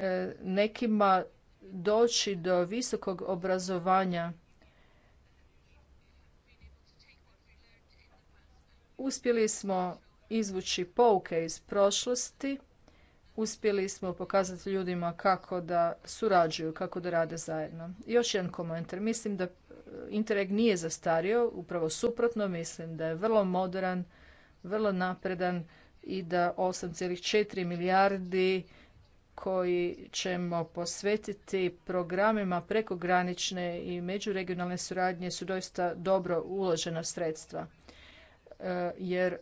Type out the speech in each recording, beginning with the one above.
E, nekima doći do visokog obrazovanja. Uspjeli smo izvući pouke iz prošlosti, uspjeli smo pokazati ljudima kako da surađuju, kako da rade zajedno. Još jedan komentar. Mislim da e, Interreg nije zastario, upravo suprotno mislim da je vrlo moderan, vrlo napredan i da 8,4 milijardi koji ćemo posvetiti programima prekogranične i međuregionalne suradnje su doista dobro uložena sredstva e, jer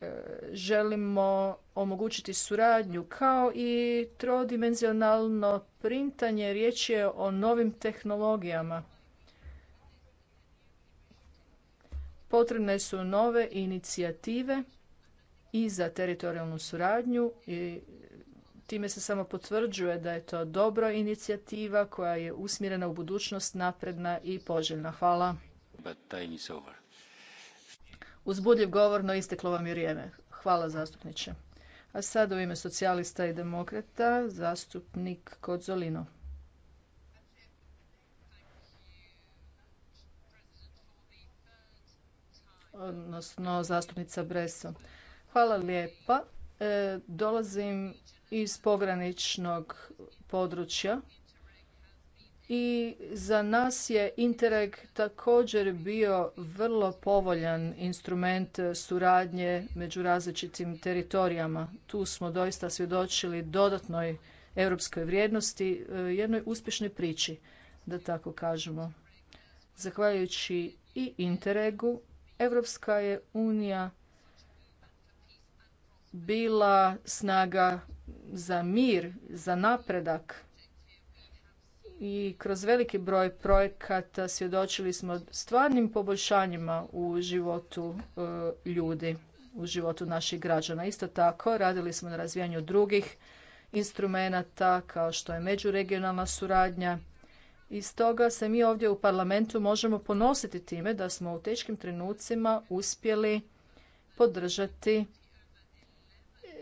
e, želimo omogućiti suradnju kao i trodimenzionalno printanje. Riječ je o novim tehnologijama. Potrebne su nove inicijative i za teritorijalnu suradnju i Time se samo potvrđuje da je to dobra inicijativa koja je usmjerena u budućnost napredna i poželjna. Hvala. Uzbudljiv govor, no isteklo vam je vrijeme. Hvala zastupniče. A sad u ime socijalista i demokrata zastupnik Kodzolino. Odnosno zastupnica Breso. Hvala lijepa. E, dolazim iz pograničnog područja i za nas je Interreg također bio vrlo povoljan instrument suradnje među različitim teritorijama. Tu smo doista svjedočili dodatnoj europskoj vrijednosti, e, jednoj uspješnoj priči, da tako kažemo. Zahvaljujući i Interregu, Europska je unija bila snaga za mir, za napredak. I kroz veliki broj projekata svjedočili smo stvarnim poboljšanjima u životu e, ljudi, u životu naših građana. Isto tako radili smo na razvijanju drugih instrumenata kao što je međuregionalna suradnja. I stoga se mi ovdje u parlamentu možemo ponositi time da smo u teškim trenucima uspjeli podržati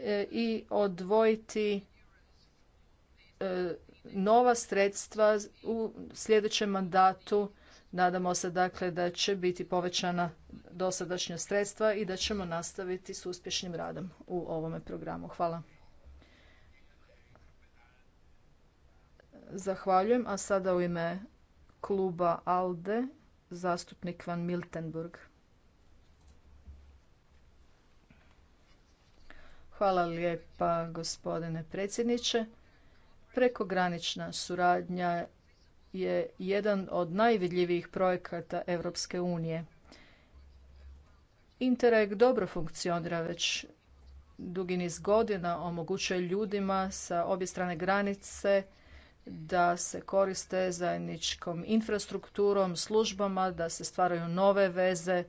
E, i odvojiti e, nova sredstva u sljedećem mandatu. Nadamo se dakle da će biti povećana dosadašnja sredstva i da ćemo nastaviti s uspješnim radom u ovome programu. Hvala. Zahvaljujem. A sada u ime kluba ALDE zastupnik Van Miltenburg. Hvala lijepa gospodine predsjedniče. Prekogranična suradnja je jedan od najvidljivijih projekata Europske unije. Interreg dobro funkcionira već dugi niz godina, omogućuje ljudima sa obje strane granice da se koriste zajedničkom infrastrukturom, službama, da se stvaraju nove veze,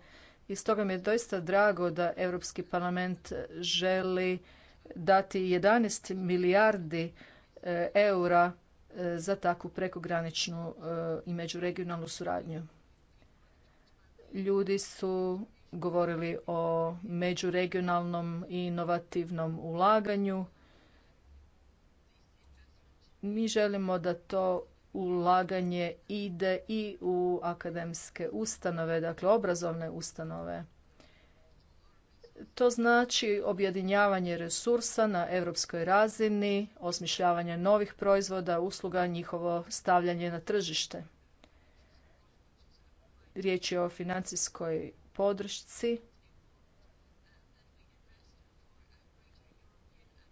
i stoga mi je doista drago da Europski parlament želi dati 11 milijardi e, eura e, za takvu prekograničnu e, i međuregionalnu suradnju. Ljudi su govorili o međuregionalnom i inovativnom ulaganju. Mi želimo da to ulaganje ide i u akademske ustanove, dakle obrazovne ustanove. To znači objedinjavanje resursa na europskoj razini, osmišljavanje novih proizvoda, usluga, njihovo stavljanje na tržište. Riječ je o financijskoj podršci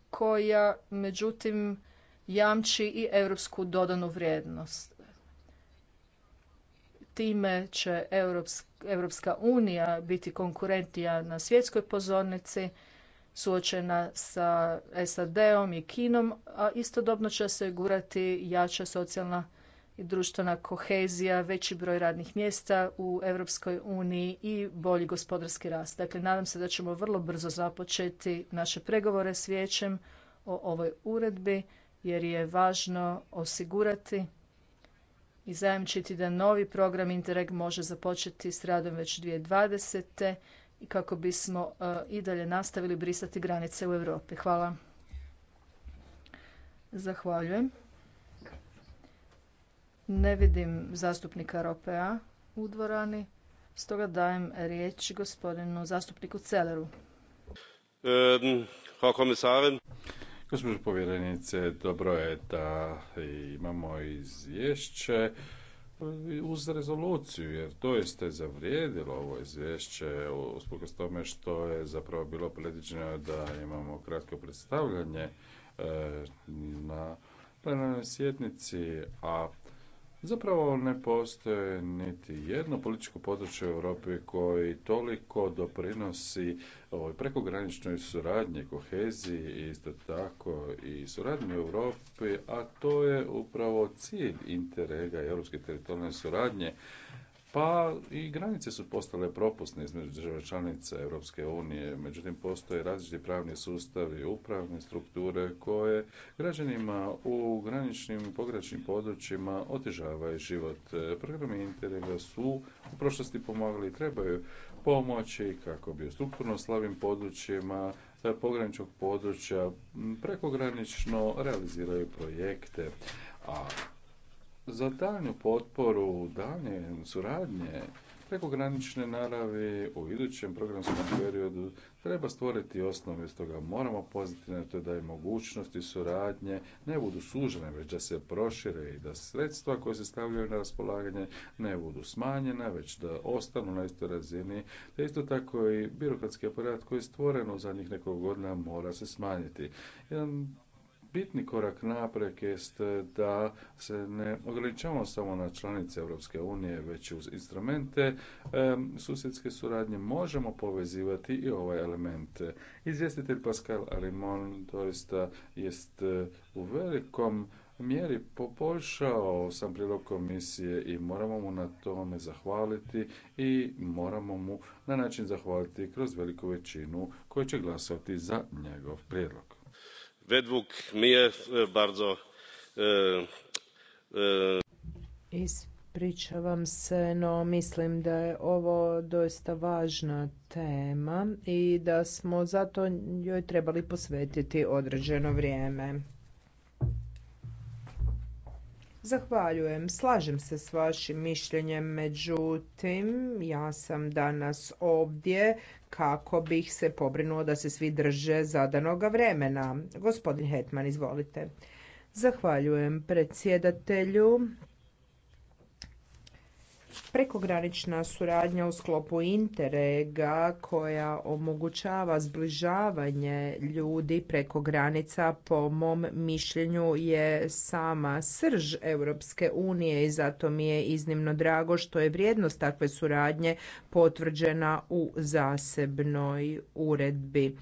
koja međutim jamči i europsku dodanu vrijednost. Time će Europska unija biti konkurentnija na svjetskoj pozornici, suočena sa SAD-om i Kinom, a istodobno će se osigurati jača socijalna i društvena kohezija, veći broj radnih mjesta u Europskoj uniji i bolji gospodarski rast. Dakle, nadam se da ćemo vrlo brzo započeti naše pregovore s vijećem o ovoj uredbi jer je važno osigurati i zajamčiti da novi program Interreg može započeti s radom već 2020. i kako bismo e, i dalje nastavili brisati granice u Europi. Hvala. Zahvaljujem. Ne vidim zastupnika Ropea u dvorani, stoga dajem riječ gospodinu zastupniku Celeru. komisarin. Gospođo povjerenice, dobro je da imamo izvješće uz rezoluciju, jer doista je zavrijedilo ovo izvješće usprkos tome što je zapravo bilo predviđeno da imamo kratko predstavljanje eh, na plenarnoj sjednici, a Zapravo ne postoje niti jedno političko područje u Europi koji toliko doprinosi ovoj prekograničnoj suradnji, koheziji, isto tako i suradnji u Europi, a to je upravo cilj Interrega i Europske teritorijalne suradnje pa i granice su postale propusne između država članica Europske unije. Međutim, postoje različiti pravni sustavi, upravne strukture koje građanima u graničnim pograničnim područjima otežavaju život. Programi Interrega su u prošlosti pomagali i trebaju pomoći kako bi u strukturno slavim područjima e, pograničnog područja prekogranično realiziraju projekte. A za daljnju potporu, daljnje suradnje prekogranične naravi u idućem programskom periodu treba stvoriti osnove, stoga moramo poziti na to da je mogućnosti suradnje ne budu sužene, već da se prošire i da sredstva koje se stavljaju na raspolaganje ne budu smanjena, već da ostanu na istoj razini, te isto tako i birokratski aparat koji je stvoren u zadnjih nekoliko godina mora se smanjiti. Jedan bitni korak naprijed jest e, da se ne ograničavamo samo na članice Europske unije, već uz instrumente e, susjedske suradnje možemo povezivati i ovaj elemente. Izvjestitelj Pascal Alimon, doista jest e, u velikom mjeri poboljšao sam prilog komisije i moramo mu na tome zahvaliti i moramo mu na način zahvaliti kroz veliku većinu koji će glasati za njegov prijedlog według mnie e, bardzo e, e, Ispričavam se, no mislim da je ovo doista važna tema i da smo zato joj trebali posvetiti određeno vrijeme. Zahvaljujem. Slažem se s vašim mišljenjem, međutim, ja sam danas ovdje kako bih se pobrinuo da se svi drže zadanoga vremena. Gospodin Hetman, izvolite. Zahvaljujem predsjedatelju. Prekogranična suradnja u sklopu Interega koja omogućava zbližavanje ljudi preko granica po mom mišljenju je sama srž Europske unije i zato mi je iznimno drago što je vrijednost takve suradnje potvrđena u zasebnoj uredbi.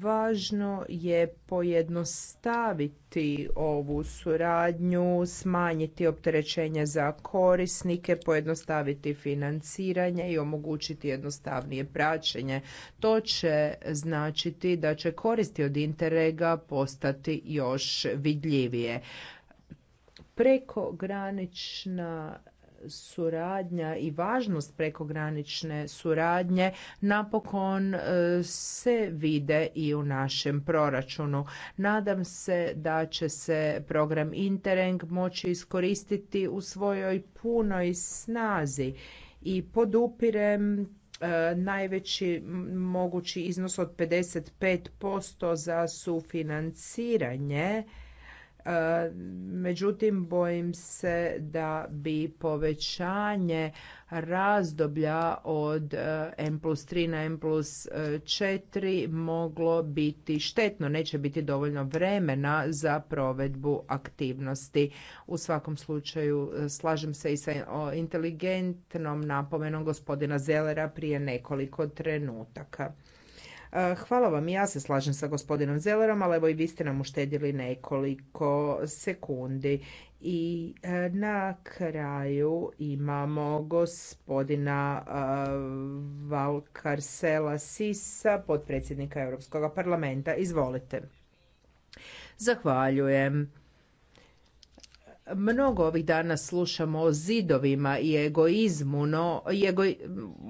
Važno je pojednostaviti ovu suradnju, smanjiti opterećenje za korisnike, pojednostaviti financiranje i omogućiti jednostavnije praćenje. To će značiti da će koristi od Interrega postati još vidljivije. Prekogranična suradnja i važnost prekogranične suradnje napokon e, se vide i u našem proračunu. Nadam se da će se program Interreg moći iskoristiti u svojoj punoj snazi i podupirem e, najveći mogući iznos od 55% za sufinanciranje E, međutim, bojim se da bi povećanje razdoblja od M e, 3 na M plus e, moglo biti štetno. Neće biti dovoljno vremena za provedbu aktivnosti. U svakom slučaju slažem se i sa inteligentnom napomenom gospodina Zelera prije nekoliko trenutaka. E, hvala vam, ja se slažem sa gospodinom Zelerom, ali evo i vi ste nam uštedili nekoliko sekundi. I e, na kraju imamo gospodina e, Valkarsela Sisa, potpredsjednika Europskog parlamenta. Izvolite. Zahvaljujem. Mnogo ovih dana slušamo o zidovima i egoizmu, no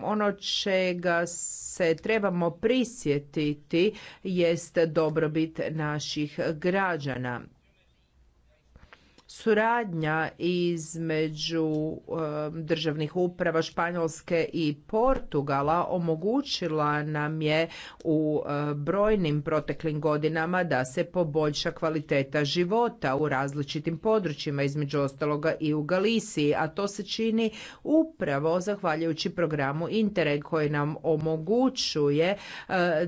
ono čega se trebamo prisjetiti jest dobrobit naših građana suradnja između državnih uprava Španjolske i Portugala omogućila nam je u brojnim proteklim godinama da se poboljša kvaliteta života u različitim područjima, između ostaloga i u Galisiji, a to se čini upravo zahvaljujući programu Interreg koji nam omogućuje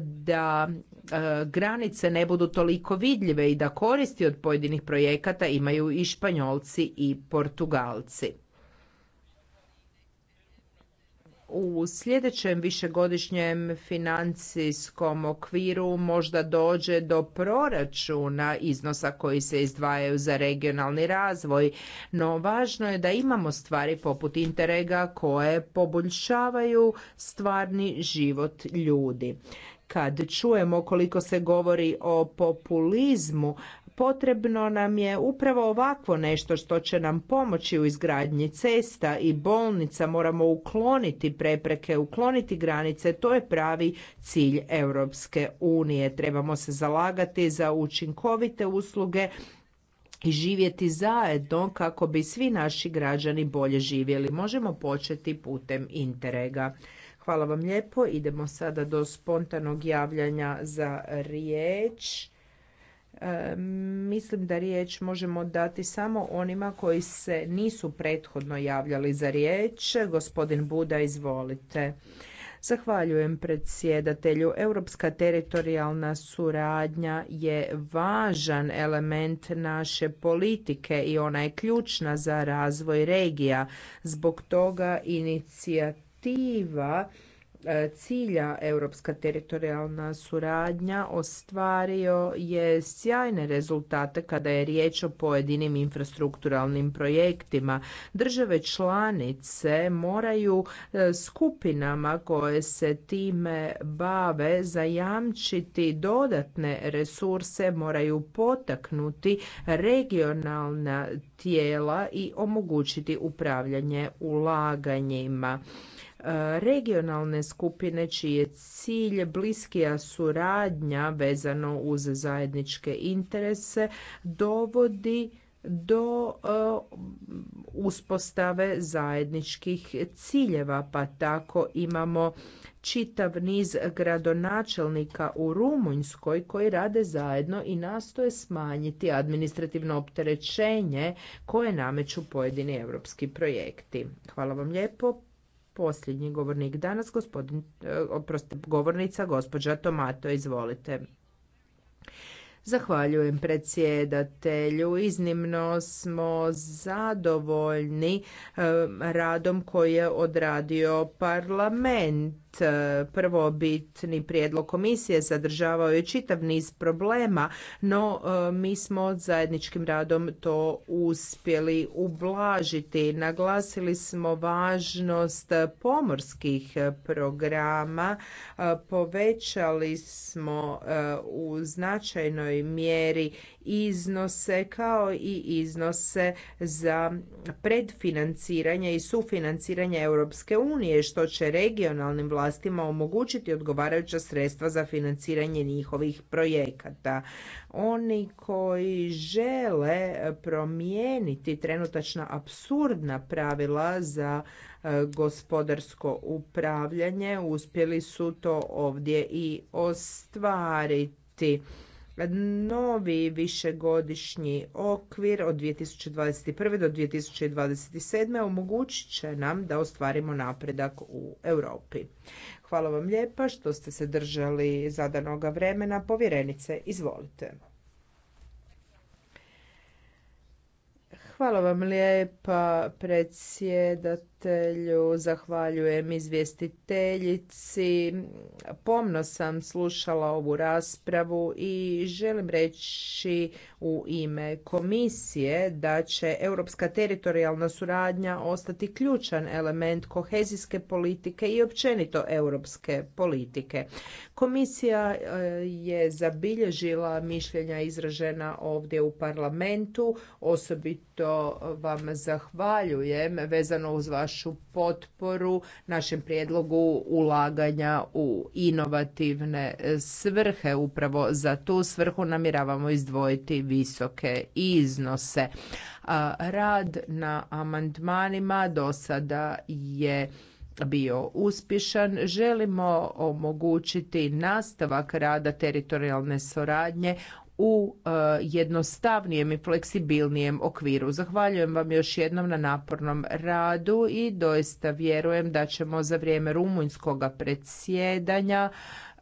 da E, granice ne budu toliko vidljive i da koristi od pojedinih projekata imaju i Španjolci i Portugalci. U sljedećem višegodišnjem financijskom okviru možda dođe do proračuna iznosa koji se izdvajaju za regionalni razvoj, no važno je da imamo stvari poput interega koje poboljšavaju stvarni život ljudi kad čujemo koliko se govori o populizmu, potrebno nam je upravo ovakvo nešto što će nam pomoći u izgradnji cesta i bolnica. Moramo ukloniti prepreke, ukloniti granice. To je pravi cilj Europske unije. Trebamo se zalagati za učinkovite usluge i živjeti zajedno kako bi svi naši građani bolje živjeli. Možemo početi putem Interega. Hvala vam lijepo. Idemo sada do spontanog javljanja za riječ. E, mislim da riječ možemo dati samo onima koji se nisu prethodno javljali za riječ. Gospodin Buda, izvolite. Zahvaljujem predsjedatelju. Europska teritorijalna suradnja je važan element naše politike i ona je ključna za razvoj regija. Zbog toga inicijativa perspektiva e, cilja europska teritorijalna suradnja ostvario je sjajne rezultate kada je riječ o pojedinim infrastrukturalnim projektima. Države članice moraju e, skupinama koje se time bave zajamčiti dodatne resurse, moraju potaknuti regionalna tijela i omogućiti upravljanje ulaganjima regionalne skupine čiji je cilj bliskija suradnja vezano uz zajedničke interese dovodi do e, uspostave zajedničkih ciljeva pa tako imamo čitav niz gradonačelnika u Rumunjskoj koji rade zajedno i nastoje smanjiti administrativno opterećenje koje nameću pojedini europski projekti. Hvala vam lijepo posljednji govornik danas, gospodin, e, oprosti, govornica gospođa Tomato, izvolite. Zahvaljujem predsjedatelju. Iznimno smo zadovoljni e, radom koji je odradio parlament E, prvobitni prijedlog komisije zadržavao je čitav niz problema, no e, mi smo zajedničkim radom to uspjeli ublažiti. Naglasili smo važnost pomorskih programa, e, povećali smo u značajnoj mjeri iznose kao i iznose za predfinanciranje i sufinanciranje Europske unije što će regionalnim vlastima omogućiti odgovarajuća sredstva za financiranje njihovih projekata. Oni koji žele promijeniti trenutačna apsurdna pravila za e, gospodarsko upravljanje uspjeli su to ovdje i ostvariti novi višegodišnji okvir od 2021. do 2027. omogućit će nam da ostvarimo napredak u Europi. Hvala vam lijepa što ste se držali zadanoga vremena. Povjerenice, izvolite. Hvala vam lijepa predsjedatelju zahvaljujem izvjestiteljici. Pomno sam slušala ovu raspravu i želim reći u ime komisije da će europska teritorijalna suradnja ostati ključan element kohezijske politike i općenito europske politike. Komisija e, je zabilježila mišljenja izražena ovdje u parlamentu. Osobito vam zahvaljujem vezano uz vaš vašu potporu našem prijedlogu ulaganja u inovativne svrhe. Upravo za tu svrhu namiravamo izdvojiti visoke iznose. Rad na amandmanima do sada je bio uspješan. Želimo omogućiti nastavak rada teritorijalne suradnje u e, jednostavnijem i fleksibilnijem okviru. Zahvaljujem vam još jednom na napornom radu i doista vjerujem da ćemo za vrijeme rumunjskog predsjedanja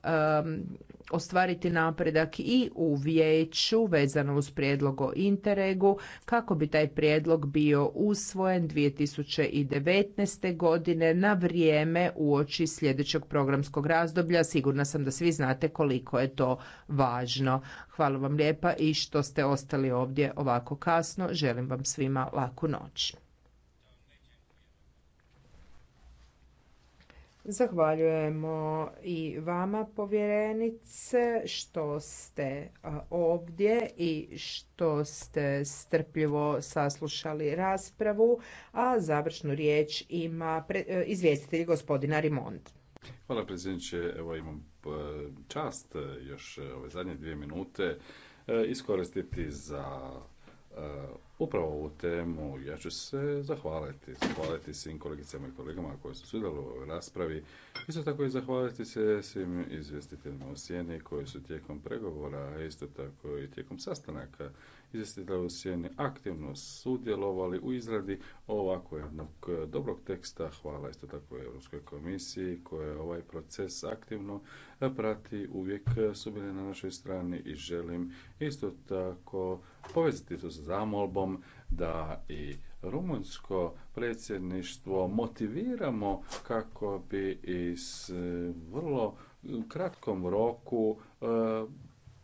Um, ostvariti napredak i u vijeću vezano uz prijedlog o Interregu kako bi taj prijedlog bio usvojen 2019. godine na vrijeme uoči sljedećeg programskog razdoblja. Sigurna sam da svi znate koliko je to važno. Hvala vam lijepa i što ste ostali ovdje ovako kasno. Želim vam svima laku noć. Zahvaljujemo i vama povjerenice što ste ovdje i što ste strpljivo saslušali raspravu, a završnu riječ ima e, izvjestitelj gospodina Rimond. Hvala predsjedniče, evo imam e, čast e, još ove zadnje dvije minute iskoristiti za upravo ovu temu. Ja ću se zahvaliti, zahvaliti svim kolegicama i kolegama koji su sudjelovali u raspravi Isto tako i zahvaliti se svim izvjestiteljima u Sjeni koji su tijekom pregovora, a isto tako i tijekom sastanaka izvjestitelja u Sjeni aktivno sudjelovali u izradi ovako jednog e, dobrog teksta. Hvala isto tako i Europskoj komisiji koja ovaj proces aktivno e, prati. Uvijek e, su bili na našoj strani i želim isto tako povezati to sa zamolbom da i rumunjsko predsjedništvo motiviramo kako bi iz e, vrlo kratkom roku e,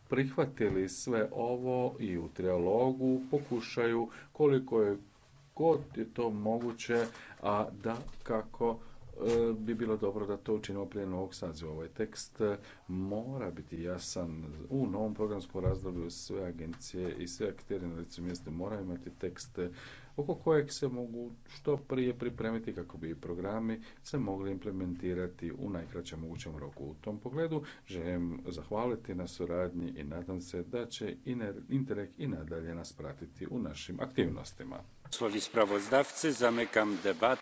prihvatili sve ovo i u trialogu pokušaju koliko je god je to moguće, a da kako e, bi bilo dobro da to učinimo prije novog saziva. Ovaj tekst mora biti jasan. U novom programskom razdoblju sve agencije i sve aktere na licu mjesta moraju imati tekste oko kojeg se mogu što prije pripremiti kako bi programi se mogli implementirati u najkraćem mogućem roku. U tom pogledu želim zahvaliti na suradnji i nadam se da će Interreg i nadalje nas pratiti u našim aktivnostima. zamekam debat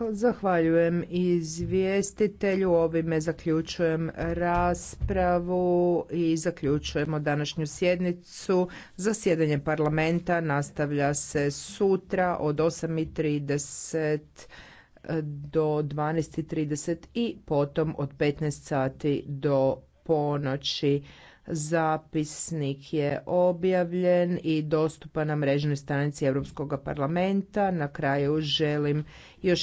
Zahvaljujem izvjestitelju. Ovime zaključujem raspravu i zaključujemo današnju sjednicu. Zasjedanje parlamenta nastavlja se sutra od 8.30 do 12.30 i potom od 15 sati do ponoći. Zapisnik je objavljen i dostupan na mrežnoj stranici Europskog parlamenta. Na kraju želim još